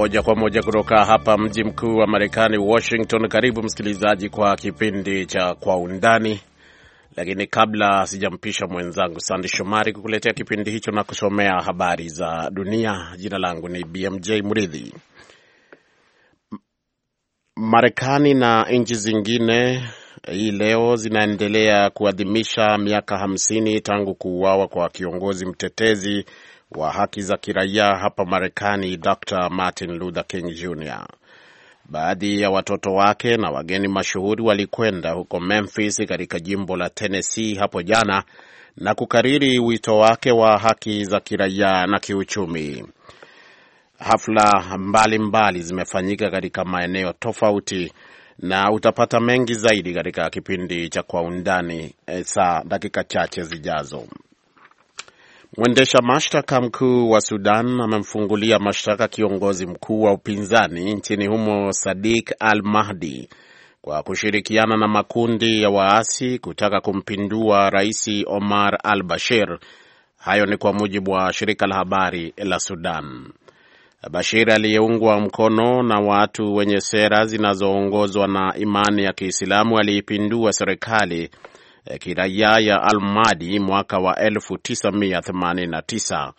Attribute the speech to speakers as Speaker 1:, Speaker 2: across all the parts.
Speaker 1: moja kwa moja kutoka hapa mji mkuu wa Marekani, Washington. Karibu msikilizaji kwa kipindi cha Kwa Undani, lakini kabla sijampisha mwenzangu Sandi Shomari kukuletea kipindi hicho na kusomea habari za dunia, jina langu ni BMJ mridhi Marekani na nchi zingine hii leo zinaendelea kuadhimisha miaka hamsini tangu kuuawa kwa kiongozi mtetezi wa haki za kiraia hapa Marekani, Dr Martin Luther King Jr. Baadhi ya watoto wake na wageni mashuhuri walikwenda huko Memphis katika jimbo la Tennessee hapo jana na kukariri wito wake wa haki za kiraia na kiuchumi. Hafla mbalimbali mbali zimefanyika katika maeneo tofauti, na utapata mengi zaidi katika kipindi cha Kwa Undani eh, saa dakika chache zijazo. Mwendesha mashtaka mkuu wa Sudan amemfungulia mashtaka kiongozi mkuu wa upinzani nchini humo Sadik Al Mahdi kwa kushirikiana na makundi ya waasi kutaka kumpindua Rais Omar Al Bashir. Hayo ni kwa mujibu wa shirika la habari la Sudan. Bashir aliyeungwa mkono na watu wenye sera zinazoongozwa na imani ya Kiislamu aliipindua serikali Eh, kiraia ya Almadi mwaka wa 1989.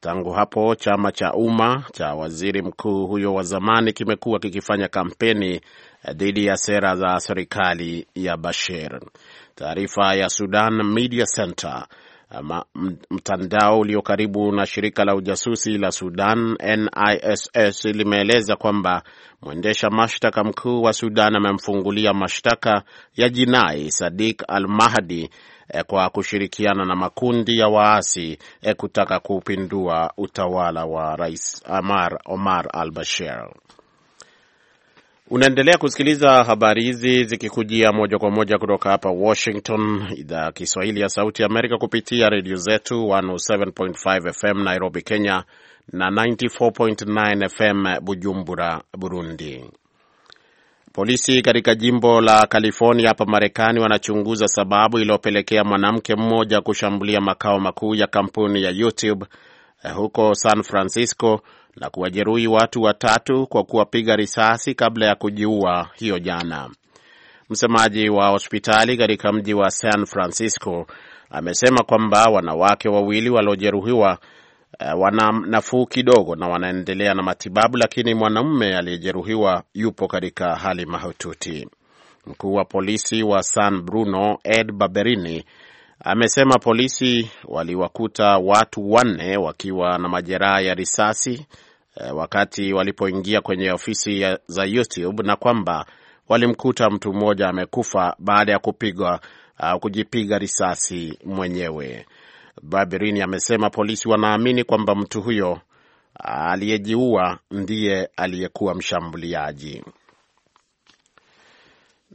Speaker 1: Tangu hapo chama cha Umma cha waziri mkuu huyo wa zamani kimekuwa kikifanya kampeni eh, dhidi ya sera za serikali ya Bashir. Taarifa ya Sudan Media Center mtandao ulio karibu na shirika la ujasusi la Sudan NISS limeeleza kwamba mwendesha mashtaka mkuu wa Sudan amemfungulia mashtaka ya jinai Sadik Al Mahdi eh, kwa kushirikiana na makundi ya waasi eh, kutaka kupindua utawala wa Rais Omar Al Bashir. Unaendelea kusikiliza habari hizi zikikujia moja kwa moja kutoka hapa Washington, idhaa ya Kiswahili ya Sauti ya Amerika, kupitia redio zetu 107.5 FM Nairobi, Kenya na 94.9 FM Bujumbura, Burundi. Polisi katika jimbo la California hapa Marekani wanachunguza sababu iliyopelekea mwanamke mmoja kushambulia makao makuu ya kampuni ya YouTube eh, huko San Francisco na kuwajeruhi watu watatu kwa kuwapiga risasi kabla ya kujiua hiyo jana. Msemaji wa hospitali katika mji wa San Francisco amesema kwamba wanawake wawili waliojeruhiwa eh, wana nafuu kidogo na wanaendelea na matibabu, lakini mwanamume aliyejeruhiwa yupo katika hali mahututi. Mkuu wa polisi wa San Bruno Ed Barberini amesema polisi waliwakuta watu wanne wakiwa na majeraha ya risasi Eh, wakati walipoingia kwenye ofisi za YouTube na kwamba walimkuta mtu mmoja amekufa baada ya kupigwa uh, kujipiga risasi mwenyewe. Barberini amesema polisi wanaamini kwamba mtu huyo ah, aliyejiua ndiye aliyekuwa mshambuliaji.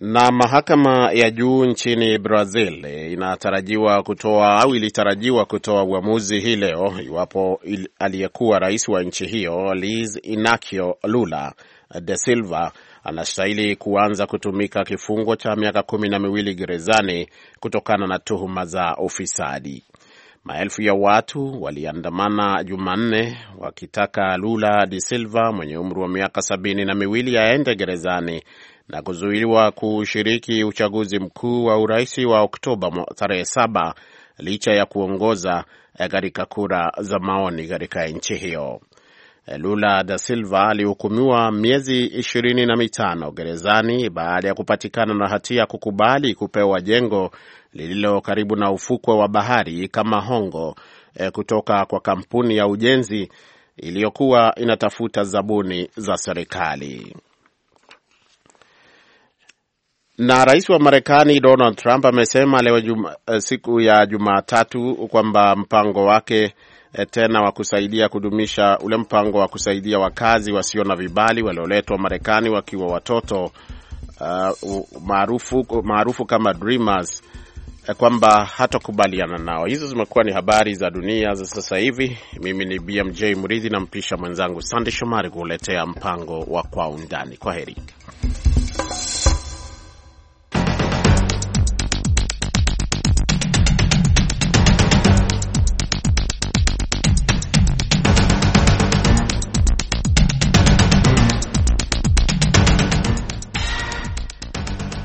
Speaker 1: Na mahakama ya juu nchini Brazil inatarajiwa kutoa au ilitarajiwa kutoa uamuzi hii leo iwapo aliyekuwa rais wa nchi hiyo Luiz Inacio Lula de Silva anastahili kuanza kutumika kifungo cha miaka kumi na miwili gerezani kutokana na tuhuma za ufisadi. Maelfu ya watu waliandamana Jumanne wakitaka Lula de Silva mwenye umri wa miaka sabini na miwili aende gerezani na kuzuiliwa kushiriki uchaguzi mkuu wa urais wa Oktoba tarehe saba licha ya kuongoza eh, katika kura za maoni katika nchi hiyo. Eh, Lula da Silva alihukumiwa miezi ishirini na mitano gerezani baada ya kupatikana na hatia kukubali kupewa jengo lililo karibu na ufukwe wa bahari kama hongo eh, kutoka kwa kampuni ya ujenzi iliyokuwa inatafuta zabuni za serikali. Na rais wa Marekani Donald Trump amesema leo juma, eh, siku ya Jumatatu kwamba mpango wake eh, tena wa kusaidia kudumisha ule mpango wa kusaidia wakazi wasio na vibali walioletwa Marekani wakiwa watoto uh, maarufu kama Dreamers kwamba hatakubaliana nao. Hizo zimekuwa ni habari za dunia za sasa hivi. Mimi ni BMJ Murithi, nampisha mwenzangu Sande Shomari kuletea mpango wa kwa undani. Kwa heri.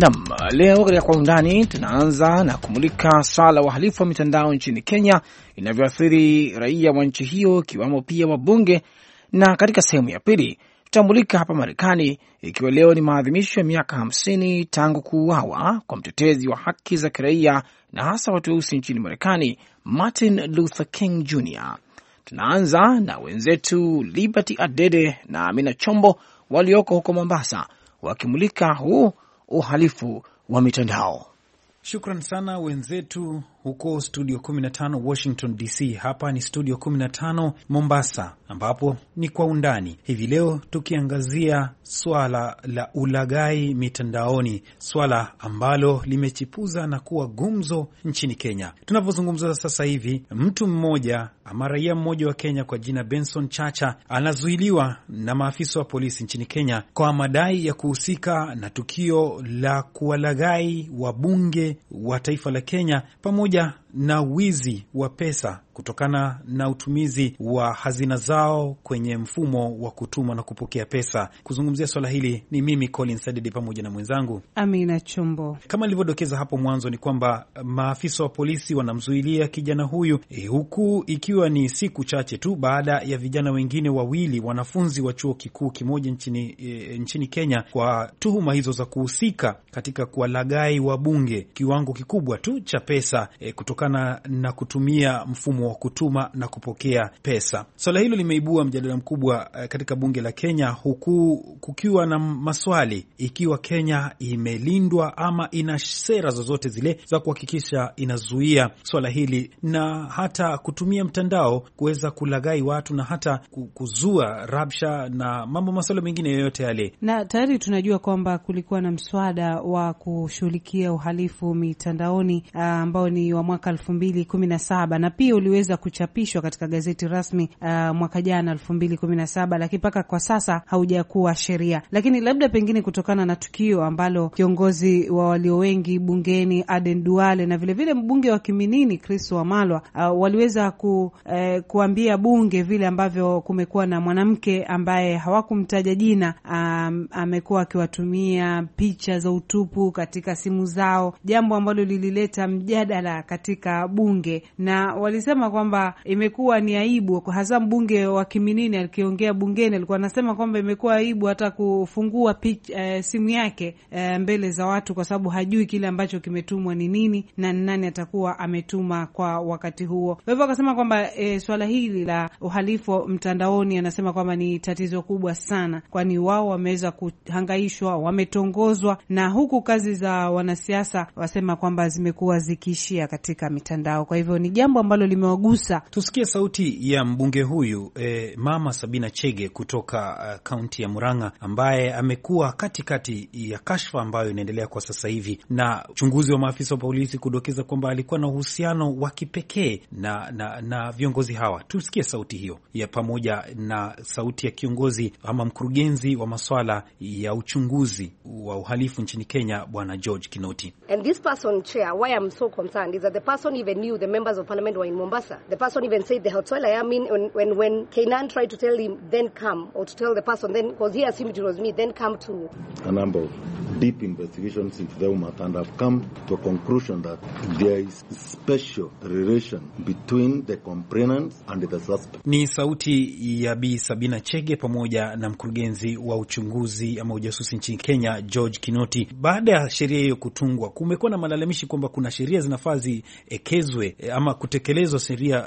Speaker 2: Nam, leo katika kwa undani tunaanza na kumulika swala la uhalifu wa mitandao nchini Kenya inavyoathiri raia wa nchi hiyo ikiwamo pia wabunge, na katika sehemu ya pili tutamulika hapa Marekani, ikiwa leo ni maadhimisho ya miaka hamsini tangu kuuawa kwa mtetezi wa haki za kiraia na hasa watu weusi nchini Marekani, Martin Luther King Jr. Tunaanza na wenzetu Liberty Adede na Amina Chombo walioko huko Mombasa wakimulika huu uhalifu wa mitandao.
Speaker 3: Shukran sana wenzetu huko studio 15 Washington DC. Hapa ni studio 15 Mombasa, ambapo ni kwa undani hivi leo tukiangazia swala la ulaghai mitandaoni, swala ambalo limechipuza na kuwa gumzo nchini Kenya. Tunavyozungumza sasa hivi, mtu mmoja ama raia mmoja wa Kenya kwa jina Benson Chacha anazuiliwa na maafisa wa polisi nchini Kenya kwa madai ya kuhusika na tukio la kuwalaghai wabunge wa taifa la Kenya pamoja Ya. na wizi wa pesa kutokana na utumizi wa hazina zao kwenye mfumo wa kutuma na kupokea pesa. Kuzungumzia swala hili ni mimi Colin Sadidi pamoja na mwenzangu
Speaker 4: Amina Chumbo.
Speaker 3: Kama nilivyodokeza hapo mwanzo, ni kwamba eh, maafisa wa polisi wanamzuilia kijana huyu e, huku ikiwa ni siku chache tu baada ya vijana wengine wawili wanafunzi wa chuo kikuu kimoja nchini, e, nchini Kenya kwa tuhuma hizo za kuhusika katika kuwalagai wabunge kiwango kikubwa tu cha pesa e, kutoka kutokana na kutumia mfumo wa kutuma na kupokea pesa. Swala hilo limeibua mjadala mkubwa eh, katika bunge la Kenya, huku kukiwa na maswali ikiwa Kenya imelindwa ama ina sera zozote zile za kuhakikisha inazuia swala hili na hata kutumia mtandao kuweza kulaghai watu na hata kuzua rabsha na mambo masuala mengine yoyote yale.
Speaker 4: Na tayari tunajua kwamba kulikuwa na mswada wa kushughulikia uhalifu mitandaoni ah, ambao ni wa mwaka mwaka elfu mbili kumi na saba na pia uliweza kuchapishwa katika gazeti rasmi uh, mwaka jana elfu mbili kumi na saba lakini mpaka kwa sasa haujakuwa sheria. Lakini labda pengine kutokana na tukio ambalo kiongozi wa walio wengi bungeni Aden Duale na vilevile mbunge wa Kiminini Chris Wamalwa uh, waliweza ku, uh, kuambia bunge vile ambavyo kumekuwa na mwanamke ambaye hawakumtaja jina um, amekuwa akiwatumia picha za utupu katika simu zao, jambo ambalo lilileta mjadala katika katika bunge, na walisema kwamba imekuwa ni aibu, hasa mbunge wa Kiminini alikiongea bungeni, alikuwa anasema kwamba imekuwa aibu hata kufungua pitch, eh, e, simu yake e, mbele za watu, kwa sababu hajui kile ambacho kimetumwa ni nini na nani atakuwa ametuma kwa wakati huo. Kwa hivyo akasema kwamba e, swala hili la uhalifu mtandaoni, anasema kwamba ni tatizo kubwa sana, kwani wao wameweza kuhangaishwa, wametongozwa, na huku kazi za wanasiasa wasema kwamba zimekuwa zikiishia katika mitandao. Kwa hivyo ni jambo ambalo limewagusa. Tusikie sauti
Speaker 3: ya mbunge huyu eh, Mama Sabina Chege kutoka eh, kaunti uh, ya Murang'a ambaye amekuwa katikati ya kashfa ambayo inaendelea kwa sasa hivi na uchunguzi wa maafisa wa polisi kudokeza kwamba alikuwa na uhusiano wa kipekee na, na, na viongozi hawa. Tusikie sauti hiyo ya pamoja na sauti ya kiongozi ama mkurugenzi wa maswala ya uchunguzi wa uhalifu nchini Kenya, Bwana George Kinoti. And this person, chair, why I'm so concerned is that the person person even knew the members of parliament were in Mombasa. The person even said the hotel. I mean, when when, Kenan tried to tell him, then come, or to tell the person, then because he assumed it was me, then come to
Speaker 4: a number of deep investigations into the UMAT
Speaker 3: and have come to a conclusion that there is special relation between
Speaker 5: the complainant and the suspect.
Speaker 3: Ni sauti ya Bi Sabina Chege pamoja na mkurugenzi wa uchunguzi ama ujasusi nchini Kenya George Kinoti. Baada ya sheria hiyo kutungwa, kumekuwa na malalamishi kwamba kuna sheria zinafaa ekezwe eh, ama kutekelezwa sheria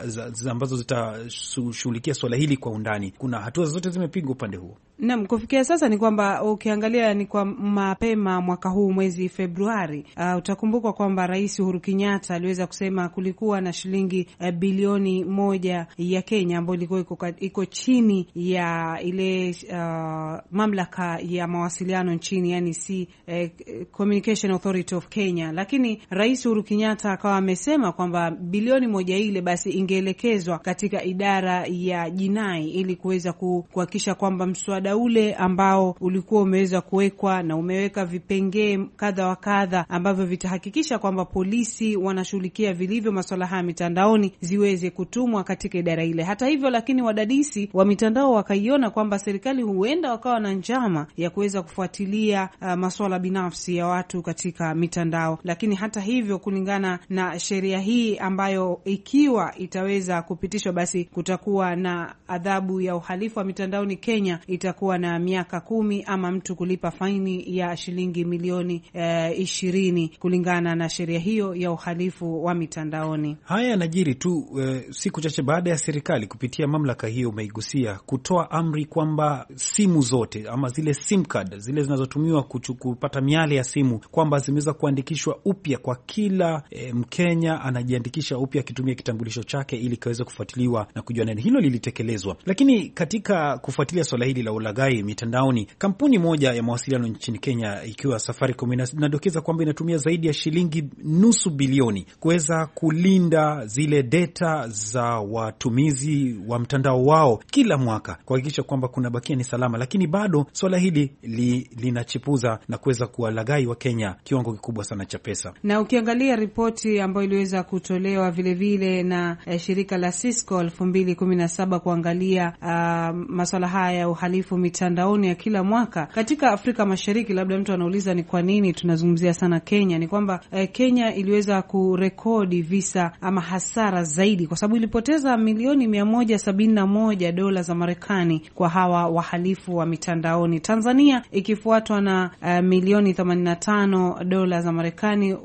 Speaker 3: ambazo zitashughulikia suala hili kwa undani. Kuna hatua zote zimepigwa upande huo
Speaker 4: nam kufikia sasa ni kwamba ukiangalia ni kwa mapema mwaka huu mwezi Februari, uh, utakumbuka kwamba Rais Uhuru Kenyatta aliweza kusema kulikuwa na shilingi uh, bilioni moja ya Kenya ambayo ilikuwa iko, iko chini ya ile uh, mamlaka ya mawasiliano nchini, yani C, uh, Communication Authority of Kenya, lakini Rais Uhuru Kenyatta akawa amesema kwamba bilioni moja ile basi ingeelekezwa katika idara ya jinai ili kuweza kuhakikisha kwamba mswada mswada ule ambao ulikuwa umeweza kuwekwa na umeweka vipengee kadha wa kadha ambavyo vitahakikisha kwamba polisi wanashughulikia vilivyo maswala haya mitandaoni ziweze kutumwa katika idara ile. Hata hivyo lakini, wadadisi wa mitandao wakaiona kwamba serikali huenda wakawa na njama ya kuweza kufuatilia uh, maswala binafsi ya watu katika mitandao. Lakini hata hivyo, kulingana na sheria hii ambayo ikiwa itaweza kupitishwa, basi kutakuwa na adhabu ya uhalifu wa mitandaoni Kenya ita kuwa na miaka kumi ama mtu kulipa faini ya shilingi milioni eh, ishirini kulingana na sheria hiyo ya uhalifu wa mitandaoni.
Speaker 3: Haya yanajiri tu e, siku chache baada ya serikali kupitia mamlaka hiyo umeigusia kutoa amri kwamba simu zote ama zile sim card zile zinazotumiwa kupata miale ya simu kwamba zimeweza kuandikishwa upya kwa kila e, Mkenya anajiandikisha upya akitumia kitambulisho chake ili kaweze kufuatiliwa na kujua nani. Hilo lilitekelezwa, lakini katika kufuatilia swala hili la ulagai mitandaoni. Kampuni moja ya mawasiliano nchini Kenya ikiwa Safaricom inadokeza kwamba inatumia zaidi ya shilingi nusu bilioni kuweza kulinda zile data za watumizi wa mtandao wao kila mwaka kuhakikisha kwamba kuna bakia ni salama, lakini bado swala hili li, linachipuza na kuweza kuwalagai wa Kenya kiwango kikubwa sana cha pesa.
Speaker 4: Na ukiangalia ripoti ambayo iliweza kutolewa vilevile vile na eh, shirika la Cisco elfu mbili kumi na saba kuangalia uh, maswala haya ya uhalifu iliyopo mitandaoni ya kila mwaka katika Afrika Mashariki, labda mtu anauliza ni kwa nini tunazungumzia sana Kenya, ni kwamba eh, Kenya iliweza kurekodi visa ama hasara zaidi, kwa sababu ilipoteza milioni mia moja sabini na moja dola za Marekani kwa hawa wahalifu wa mitandaoni, Tanzania ikifuatwa na eh, milioni 85 dola za Marekani,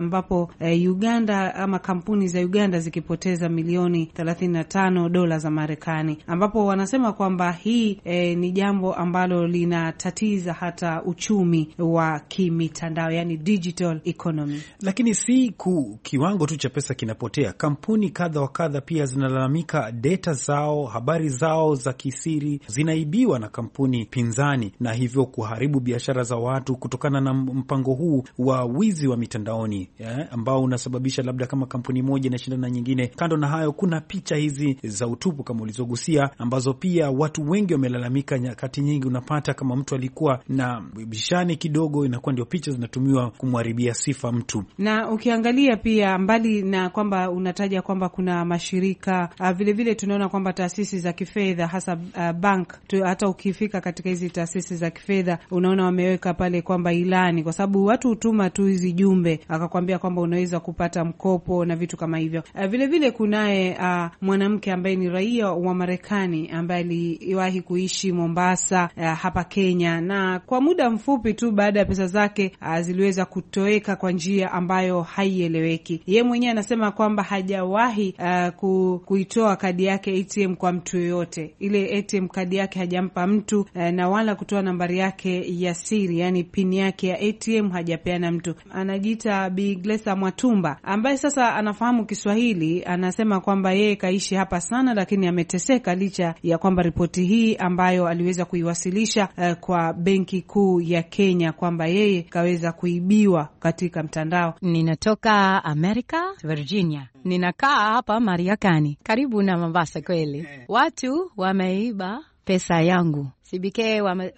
Speaker 4: ambapo eh, Uganda ama kampuni za Uganda zikipoteza milioni 35 dola za Marekani, ambapo wanasema kwamba hii eh, ni ni jambo ambalo linatatiza hata uchumi wa kimitandao, yani digital economy.
Speaker 3: Lakini si ku, kiwango tu cha pesa kinapotea. Kampuni kadha wa kadha pia zinalalamika data zao, habari zao za kisiri zinaibiwa na kampuni pinzani, na hivyo kuharibu biashara za watu kutokana na mpango huu wa wizi wa mitandaoni yeah, ambao unasababisha labda kama kampuni moja inashindana na nyingine. Kando na hayo, kuna picha hizi za utupu kama ulizogusia ambazo pia watu wengi wamelalamika nyakati nyingi unapata kama mtu alikuwa na bishani kidogo, inakuwa ndio picha zinatumiwa kumharibia sifa mtu.
Speaker 4: Na ukiangalia pia, mbali na kwamba unataja kwamba kuna mashirika vilevile, ah, vile tunaona kwamba taasisi za kifedha hasa uh, bank tu, hata ukifika katika hizi taasisi za kifedha unaona wameweka pale kwamba ilani, kwa sababu watu hutuma tu hizi jumbe, akakwambia kwamba unaweza kupata mkopo na vitu kama hivyo. Uh, ah, vilevile kunaye uh, mwanamke ambaye ni raia wa Marekani ambaye aliwahi kuishi Mombasa eh, hapa Kenya, na kwa muda mfupi tu baada ya pesa zake eh, ziliweza kutoweka kwa njia ambayo haieleweki. Yeye mwenyewe anasema kwamba hajawahi eh, kuitoa kadi yake ATM kwa mtu yoyote, ile ATM kadi yake hajampa mtu eh, na wala kutoa nambari yake ya siri, yani pini yake ya ATM hajapeana mtu. Anajiita Bi Glesa Mwatumba ambaye sasa anafahamu Kiswahili, anasema kwamba yeye kaishi hapa sana, lakini ameteseka licha ya kwamba ripoti hii ambayo aliweza kuiwasilisha uh, kwa Benki Kuu ya Kenya kwamba yeye kaweza kuibiwa katika mtandao. Ninatoka Amerika, Virginia, ninakaa hapa Mariakani, karibu na Mombasa. Kweli eh. watu wameiba pesa yangu. CBK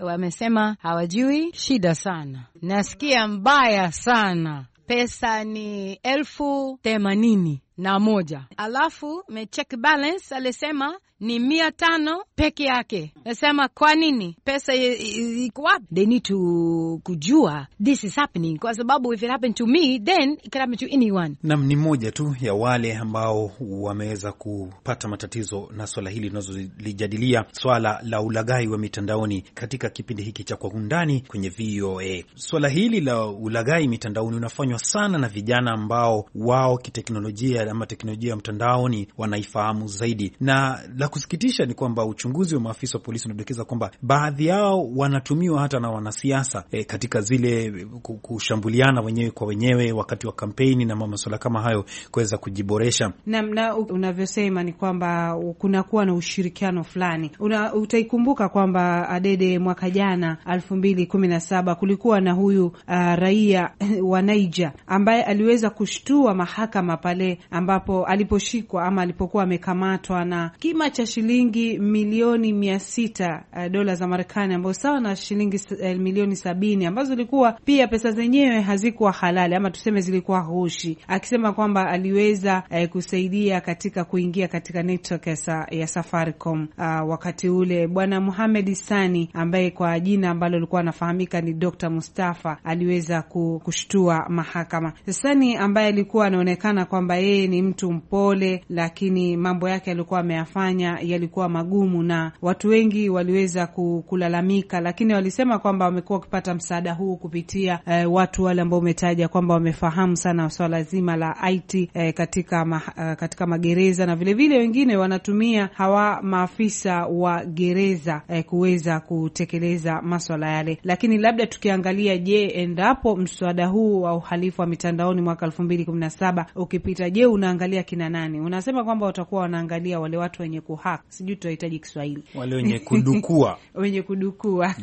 Speaker 4: wamesema wame hawajui, shida sana, nasikia mbaya sana. Pesa ni elfu themanini na moja alafu me check balance alisema ni mia tano peke yake. Nasema kwa nini pesa iko wapi? They need to kujua this is happening, kwa sababu if it happened to me then it can happen to anyone.
Speaker 3: Nam ni moja tu ya wale ambao wameweza kupata matatizo na swala hili linazolijadilia, swala la ulaghai wa mitandaoni katika kipindi hiki cha Kwa Undani kwenye VOA. Swala hili la ulaghai mitandaoni unafanywa sana na vijana ambao wao kiteknolojia ama teknolojia ya mtandaoni wanaifahamu zaidi na la kusikitisha ni kwamba uchunguzi wa maafisa wa polisi unadokeza kwamba baadhi yao wanatumiwa hata na wanasiasa e, katika zile kushambuliana wenyewe kwa wenyewe wakati wa kampeni na masuala kama hayo kuweza kujiboresha.
Speaker 4: Naam, na unavyosema ni kwamba kunakuwa na ushirikiano fulani. utaikumbuka kwamba Adede mwaka jana elfu mbili kumi na saba kulikuwa na huyu uh, raia wa Niger ambaye aliweza kushtua mahakama pale ambapo aliposhikwa ama alipokuwa amekamatwa na kima cha shilingi milioni mia sita uh, dola za Marekani, ambayo sawa na shilingi uh, milioni sabini ambazo zilikuwa pia pesa zenyewe hazikuwa halali ama tuseme zilikuwa hushi, akisema kwamba aliweza uh, kusaidia katika kuingia katika network ya Safaricom uh, wakati ule bwana Muhamed Sani ambaye kwa jina ambalo alikuwa anafahamika ni Dr. Mustafa aliweza kushtua mahakama. Sani ambaye alikuwa anaonekana kwamba yeye ni mtu mpole, lakini mambo yake alikuwa ameyafanya Kenya yalikuwa magumu na watu wengi waliweza kulalamika, lakini walisema kwamba wamekuwa wakipata msaada huu kupitia eh, watu wale ambao umetaja kwamba wamefahamu sana swala zima la IT eh, katika, ma, eh, katika magereza na vilevile vile wengine wanatumia hawa maafisa wa gereza eh, kuweza kutekeleza maswala yale. Lakini labda tukiangalia, je, endapo mswada huu wa uhalifu wa mitandaoni mwaka elfu mbili kumi na saba ukipita, je, unaangalia kina nani? Unasema kwamba watakuwa wanaangalia wale watu wenye ku hack, sijui tutahitaji Kiswahili, wale wenye kudukua wenye kudukua.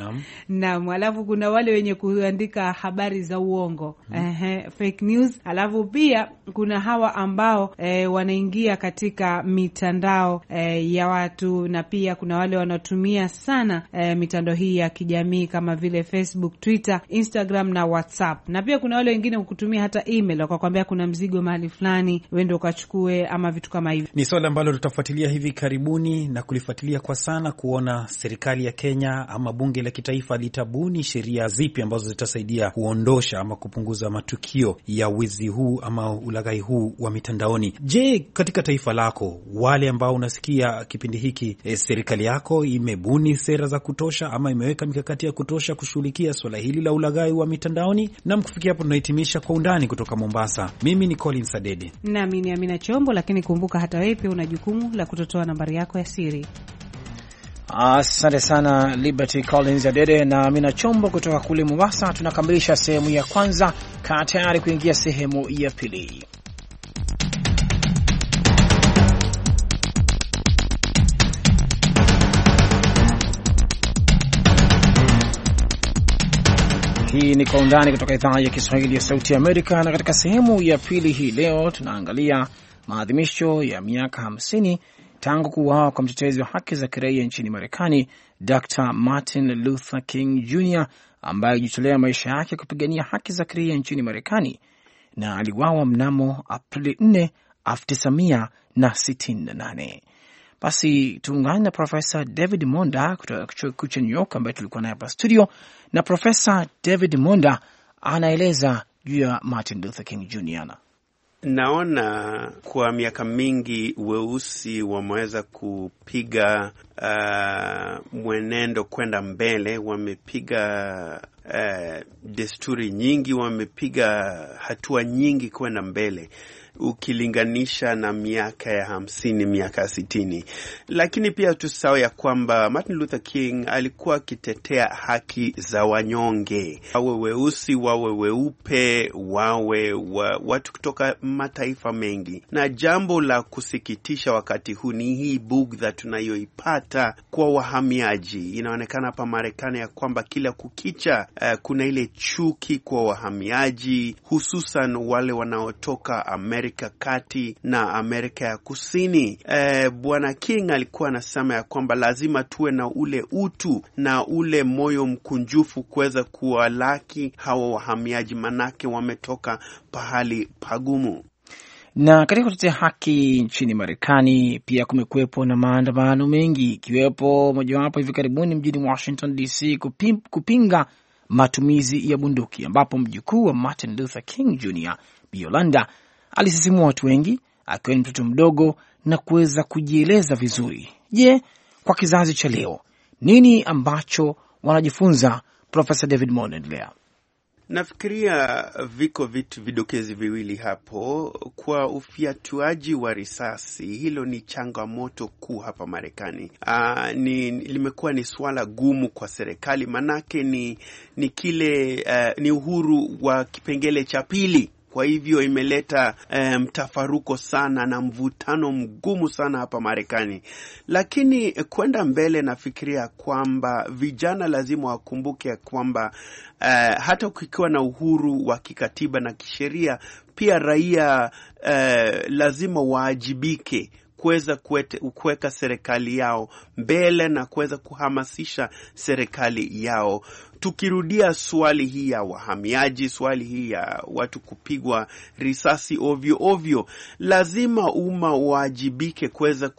Speaker 4: Naam, alafu kuna wale wenye kuandika habari za uongo hmm. Ehe, fake news. Alafu pia kuna hawa ambao e, wanaingia katika mitandao e, ya watu na pia kuna wale wanatumia sana e, mitandao hii ya kijamii kama vile Facebook, Twitter, Instagram na WhatsApp, na pia kuna wale wengine kutumia hata email wakakwambia kuna mzigo mahali fulani, wewe ndio ukachukue ama vitu kama hivyo.
Speaker 3: Ni swala ambalo tutafuatilia hivi karibuni karibuni na kulifuatilia kwa sana kuona serikali ya Kenya ama bunge la kitaifa litabuni sheria zipi ambazo zitasaidia kuondosha ama kupunguza matukio ya wizi huu ama ulaghai huu wa mitandaoni. Je, katika taifa lako wale ambao unasikia kipindi hiki e, serikali yako imebuni sera za kutosha ama imeweka mikakati ya kutosha kushughulikia swala hili la ulaghai wa mitandaoni? Nam, kufikia hapo tunahitimisha kwa undani kutoka Mombasa. Mimi ni Colin Sadedi
Speaker 4: nami ni Amina Chombo, lakini kumbuka hata wewe pia una jukumu la kutotoa namba habari yako ya siri.
Speaker 2: Asante sana Liberty Collins Adede na Amina Chombo kutoka kule Mombasa. Tunakamilisha sehemu ya kwanza, kaa tayari kuingia sehemu ya pili. Hii ni Kwa Undani kutoka idhaa ya Kiswahili ya Sauti Amerika, na katika sehemu ya pili hii leo tunaangalia maadhimisho ya miaka hamsini tangu kuuawa kwa mtetezi wa haki za kiraia nchini Marekani Dr Martin Luther King Jr ambaye alijitolea maisha yake kupigania haki za kiraia nchini Marekani na aliwawa mnamo Aprili 4, 1968. Basi tuungane na Profesa David Monda kutoka chuo kikuu cha New York ambaye tulikuwa naye hapa studio, na Profesa David Monda anaeleza juu ya Martin Luther King Jr.
Speaker 6: Naona kwa miaka mingi weusi wameweza kupiga uh, mwenendo kwenda mbele, wamepiga uh, desturi nyingi, wamepiga hatua nyingi kwenda mbele ukilinganisha na miaka ya hamsini, miaka ya sitini. Lakini pia tusahau ya kwamba Martin Luther King alikuwa akitetea haki za wanyonge, wawe weusi, wawe weupe, wawe wa, watu kutoka mataifa mengi, na jambo la kusikitisha wakati huu ni hii bugdha tunayoipata kwa wahamiaji. Inaonekana hapa Marekani ya kwamba kila kukicha, uh, kuna ile chuki kwa wahamiaji, hususan wale wanaotoka Amerika Amerika Kati na Amerika ya Kusini. E, Bwana King alikuwa anasema ya kwamba lazima tuwe na ule utu na ule moyo mkunjufu kuweza kuwalaki hawa wahamiaji, manake wametoka pahali pagumu
Speaker 2: na katika kutetea haki nchini Marekani pia kumekuwepo na maandamano mengi, ikiwepo mojawapo hivi karibuni mjini Washington DC kupim, kupinga matumizi ya bunduki, ambapo mjukuu wa Martin Luther King Jr. Biolanda alisisimua watu wengi akiwa ni mtoto mdogo na kuweza kujieleza vizuri. Je, kwa kizazi cha leo nini ambacho wanajifunza? Profesa David Mo
Speaker 6: Nafikiria viko vitu vidokezi viwili hapo. Kwa ufyatuaji wa risasi, hilo ni changamoto kuu hapa Marekani. ni limekuwa ni swala gumu kwa serikali, manake ni ni kile uh, ni uhuru wa kipengele cha pili kwa hivyo imeleta mtafaruko um, sana na mvutano mgumu sana hapa Marekani, lakini kwenda mbele, nafikiria kwamba vijana lazima wakumbuke kwamba uh, hata ukiwa na uhuru wa kikatiba na kisheria, pia raia uh, lazima waajibike kuweza kuweka serikali yao mbele na kuweza kuhamasisha serikali yao. Tukirudia swali hii ya wahamiaji, swali hii ya watu kupigwa risasi ovyo ovyo, lazima umma uwajibike kuweza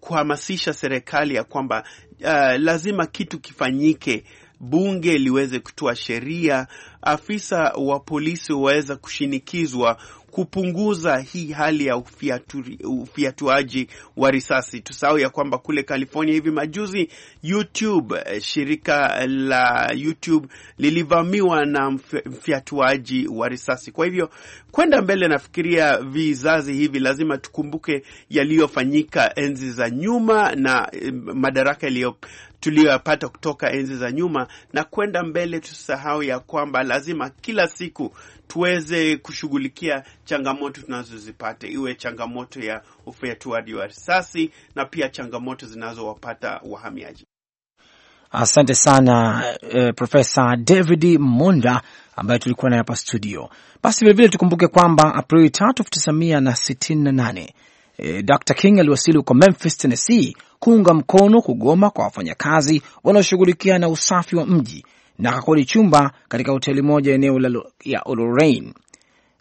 Speaker 6: kuhamasisha serikali ya kwamba uh, lazima kitu kifanyike bunge liweze kutoa sheria, afisa wa polisi waweza kushinikizwa kupunguza hii hali ya ufiatu, ufiatuaji wa risasi. Tusahau ya kwamba kule California hivi majuzi YouTube, eh, shirika la YouTube lilivamiwa na mfiatuaji wa risasi. Kwa hivyo kwenda mbele, nafikiria vizazi hivi lazima tukumbuke yaliyofanyika enzi za nyuma na eh, madaraka tuliyoyapata kutoka enzi za nyuma na kwenda mbele. Tusisahau ya kwamba lazima kila siku tuweze kushughulikia changamoto tunazozipata, iwe changamoto ya ufyatuaji wa risasi na pia changamoto zinazowapata wahamiaji.
Speaker 2: Asante sana eh, Profesa David Monda ambaye tulikuwa naye hapa studio. Basi vilevile tukumbuke kwamba Aprili 3 elfu tisa eh, Dr King aliwasili huko Memphis, Tennessee kuunga mkono kugoma kwa wafanyakazi wanaoshughulikia na usafi wa mji na kakodi chumba katika hoteli moja eneo ya Lorraine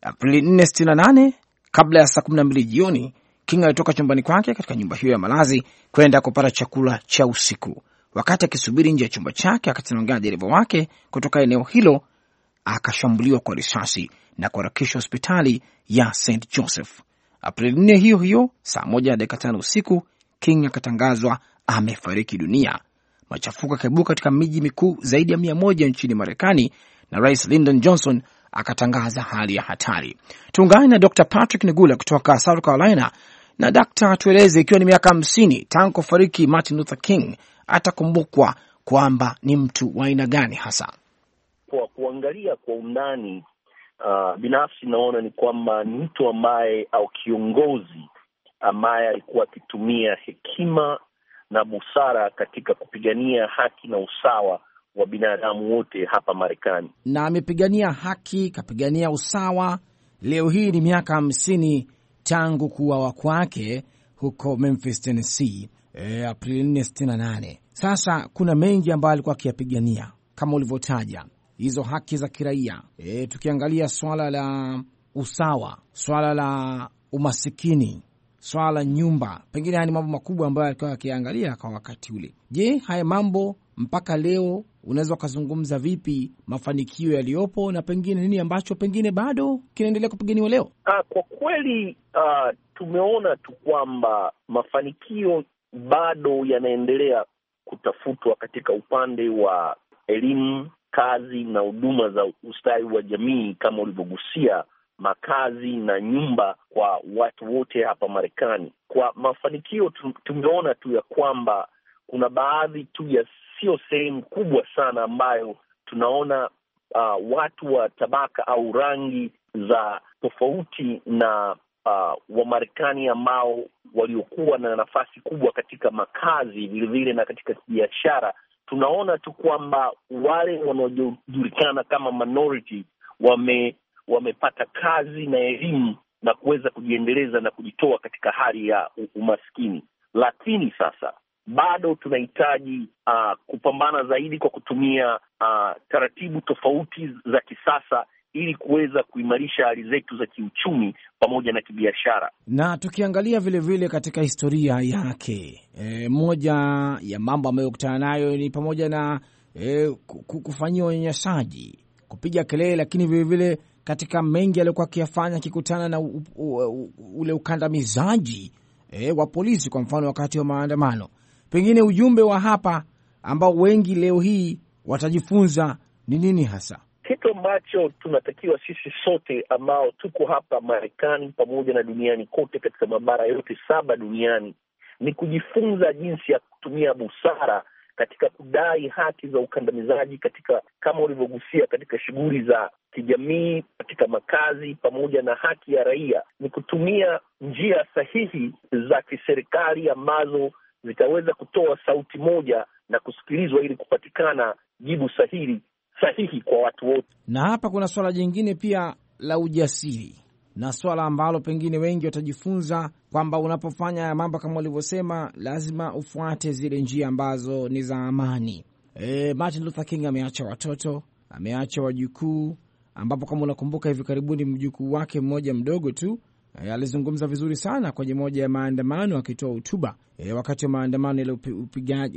Speaker 2: Aprili 468 kabla ya saa 12 jioni. King alitoka chumbani kwake katika nyumba hiyo ya malazi kwenda kupata chakula cha usiku. Wakati akisubiri nje ya chumba chake, akati anaongea na dereva wake kutoka eneo hilo, akashambuliwa kwa risasi na kuharakishwa hospitali ya St Joseph. Aprili 4 hiyo hiyo, saa moja na dakika tano usiku, King akatangazwa amefariki dunia. Machafuko akaibuka katika miji mikuu zaidi ya mia moja nchini Marekani na Rais Lyndon Johnson akatangaza hali ya hatari. Tuungane na Dr Patrick nigula kutoka South Carolina. Na dakta, tueleze, ikiwa ni miaka hamsini tangu kufariki Martin Luther King, atakumbukwa kwamba ni mtu wa aina gani hasa?
Speaker 5: Kwa kuangalia kwa undani, uh, binafsi naona ni kwamba ni mtu ambaye au kiongozi ambaye alikuwa akitumia hekima na busara katika kupigania haki na usawa wa binadamu wote hapa Marekani,
Speaker 2: na amepigania haki, kapigania usawa. Leo hii ni miaka hamsini tangu kuuawa kwake huko Memphis, Tennessee, e, Aprili nne Sasa kuna mengi ambayo alikuwa akiyapigania kama ulivyotaja hizo haki za kiraia e, tukiangalia swala la usawa, swala la umasikini, swala la nyumba, pengine haya ni mambo makubwa ambayo alikuwa akiangalia kwa wakati ule. Je, haya mambo mpaka leo unaweza ukazungumza vipi mafanikio yaliyopo na pengine nini ambacho pengine bado kinaendelea kupiganiwa leo?
Speaker 5: Ah, kwa kweli uh, tumeona tu kwamba mafanikio bado yanaendelea kutafutwa katika upande wa elimu, kazi na huduma za ustawi wa jamii kama ulivyogusia makazi na nyumba kwa watu wote hapa Marekani. Kwa mafanikio tumeona tu ya kwamba kuna baadhi tu ya sio sehemu kubwa sana ambayo tunaona uh, watu wa tabaka au rangi za tofauti na uh, Wamarekani ambao waliokuwa na nafasi kubwa katika makazi vilevile na katika biashara. Tunaona tu kwamba wale wanaojulikana kama minority wame wamepata kazi na elimu na kuweza kujiendeleza na kujitoa katika hali ya umaskini. Lakini sasa bado tunahitaji uh, kupambana zaidi kwa kutumia uh, taratibu tofauti za kisasa ili kuweza kuimarisha hali zetu za kiuchumi pamoja na kibiashara.
Speaker 2: Na tukiangalia vilevile vile katika historia yake, e, moja ya mambo ambayokutana nayo ni pamoja na e, kufanyiwa unyanyasaji, kupiga kelele, lakini vilevile katika mengi aliyokuwa akiyafanya akikutana na u, u, u, ule ukandamizaji e, wa polisi, kwa mfano wakati wa maandamano. Pengine ujumbe wa hapa ambao wengi leo hii watajifunza ni nini hasa?
Speaker 5: Kitu ambacho tunatakiwa sisi sote ambao tuko hapa Marekani pamoja na duniani kote, katika mabara yote saba duniani, ni kujifunza jinsi ya kutumia busara katika kudai haki za ukandamizaji, katika kama ulivyogusia, katika shughuli za kijamii, katika makazi, pamoja na haki ya raia, ni kutumia njia sahihi za kiserikali ambazo zitaweza kutoa sauti moja na kusikilizwa ili kupatikana jibu sahihi sahihi kwa watu wote.
Speaker 2: Na hapa kuna swala jingine pia la ujasiri na swala ambalo pengine wengi watajifunza kwamba unapofanya mambo kama walivyosema, lazima ufuate zile njia ambazo ni za amani. E, Martin Luther King ameacha watoto, ameacha wajukuu, ambapo kama unakumbuka, hivi karibuni mjukuu wake mmoja mdogo tu e, alizungumza vizuri sana kwenye moja ya maandamano akitoa hutuba e, eh, wakati wa maandamano ile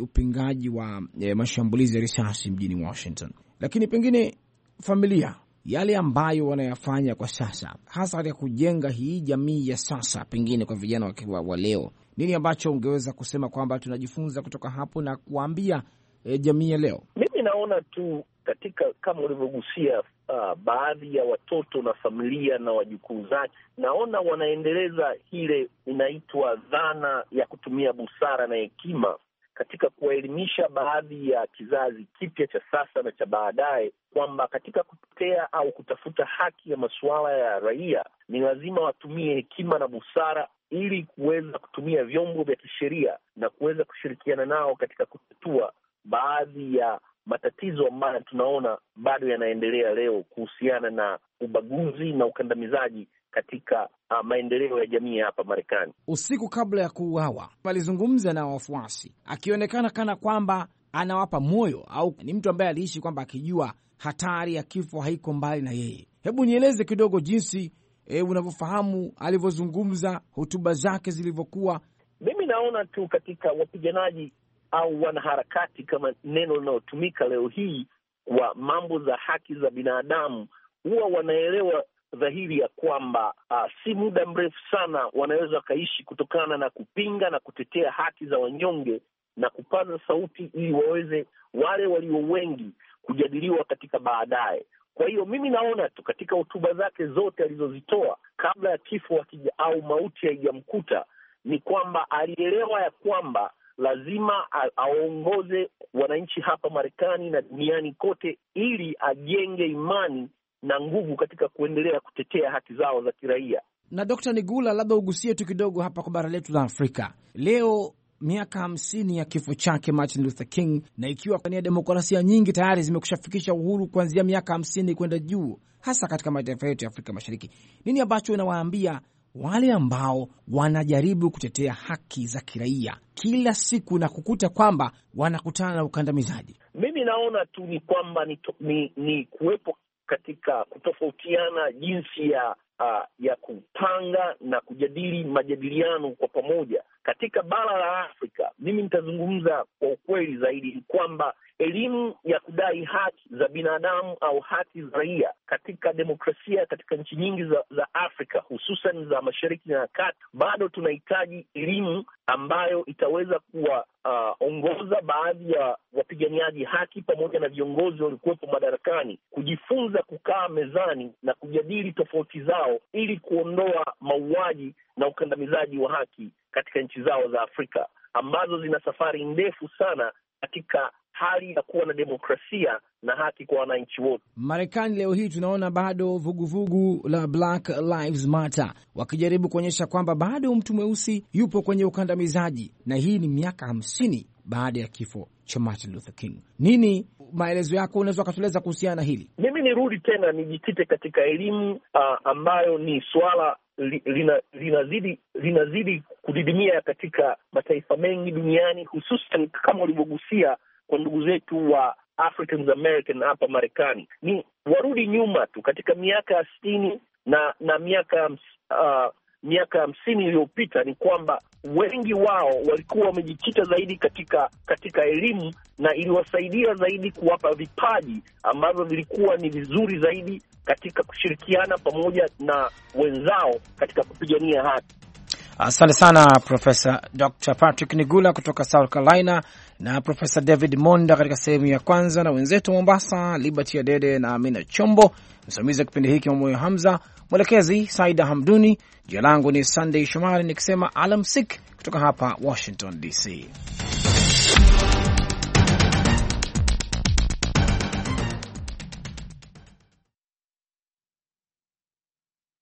Speaker 2: upingaji wa e, mashambulizi ya risasi mjini Washington. Lakini pengine familia yale ambayo wanayafanya kwa sasa, hasa katika kujenga hii jamii ya sasa, pengine kwa vijana wa leo, nini ambacho ungeweza kusema kwamba tunajifunza kutoka hapo na kuambia e, jamii ya leo?
Speaker 5: Mimi naona tu katika kama ulivyogusia uh, baadhi ya watoto na familia na wajukuu zake, naona wanaendeleza ile inaitwa dhana ya kutumia busara na hekima katika kuwaelimisha baadhi ya kizazi kipya cha sasa na cha baadaye kwamba katika kutetea au kutafuta haki ya masuala ya raia ni lazima watumie hekima na busara ili kuweza kutumia vyombo vya kisheria na kuweza kushirikiana nao katika kutatua baadhi ya matatizo ambayo tunaona bado yanaendelea leo kuhusiana na ubaguzi na ukandamizaji katika uh, maendeleo ya jamii hapa Marekani.
Speaker 2: Usiku kabla ya kuuawa alizungumza na wafuasi, akionekana kana kwamba anawapa moyo au ni mtu ambaye aliishi kwamba akijua hatari ya kifo haiko mbali na yeye. Hebu nieleze kidogo jinsi e, unavyofahamu alivyozungumza, hotuba zake zilivyokuwa. Mimi naona
Speaker 5: tu katika wapiganaji au wanaharakati kama neno linalotumika leo hii wa mambo za haki za binadamu huwa wanaelewa dhahiri ya kwamba uh, si muda mrefu sana wanaweza wakaishi kutokana na kupinga na kutetea haki za wanyonge na kupaza sauti ili waweze wale walio wengi kujadiliwa katika baadaye. Kwa hiyo mimi naona tu katika hotuba zake zote alizozitoa kabla ya kifo au mauti haijamkuta ni kwamba alielewa ya kwamba lazima aongoze wananchi hapa Marekani na duniani kote, ili ajenge imani na nguvu katika kuendelea kutetea haki zao za kiraia.
Speaker 2: Na Dkt. Nigula, labda ugusie tu kidogo hapa kwa bara letu la Afrika leo miaka hamsini ya kifo chake Martin Luther King, na ikiwa nia demokrasia nyingi tayari zimekushafikisha uhuru kuanzia miaka hamsini kwenda juu, hasa katika mataifa yetu ya Afrika Mashariki, nini ambacho unawaambia wale ambao wanajaribu kutetea haki za kiraia kila siku na kukuta kwamba wanakutana na ukandamizaji?
Speaker 5: Mimi naona tu ni kwamba ni, ni, ni kuwepo katika kutofautiana jinsi ya uh, ya kupanga na kujadili majadiliano kwa pamoja katika bara la Afrika. Mimi nitazungumza kwa ukweli zaidi, ni kwamba elimu ya kudai haki za binadamu au haki za raia katika demokrasia katika nchi nyingi za, za Afrika hususan za mashariki na kati, bado tunahitaji elimu ambayo itaweza kuwaongoza uh, baadhi ya wapiganiaji haki pamoja na viongozi waliokuwepo madarakani kujifunza kukaa mezani na kujadili tofauti zao ili kuondoa mauaji na ukandamizaji wa haki katika nchi zao za Afrika ambazo zina safari ndefu sana katika hali ya kuwa na demokrasia na haki kwa wananchi wote.
Speaker 2: Marekani leo hii tunaona bado vuguvugu vugu la Black Lives Matter wakijaribu kuonyesha kwamba bado mtu mweusi yupo kwenye ukandamizaji, na hii ni miaka hamsini baada ya kifo cha Martin Luther King. Nini maelezo yako, unaweza ukatueleza kuhusiana na hili?
Speaker 5: Mimi nirudi tena nijikite katika elimu uh, ambayo ni swala lina, linazidi linazidi kudidimia katika mataifa mengi duniani, hususan kama ulivyogusia kwa ndugu zetu wa Africans American hapa Marekani ni warudi nyuma tu katika miaka ya sitini na na miaka uh, miaka hamsini iliyopita ni kwamba wengi wao walikuwa wamejikita zaidi katika katika elimu na iliwasaidia zaidi kuwapa vipaji ambavyo vilikuwa ni vizuri zaidi katika kushirikiana pamoja na wenzao katika kupigania haki.
Speaker 2: Asante sana Profesa Dr Patrick Nigula kutoka South Carolina na Profesa David Monda katika sehemu ya kwanza, na wenzetu Mombasa, Liberty Adede na Amina Chombo. Msimamizi wa kipindi hiki Mamoyo Hamza, mwelekezi Saida Hamduni. Jina langu ni Sunday Shomari nikisema alamsik kutoka hapa Washington DC.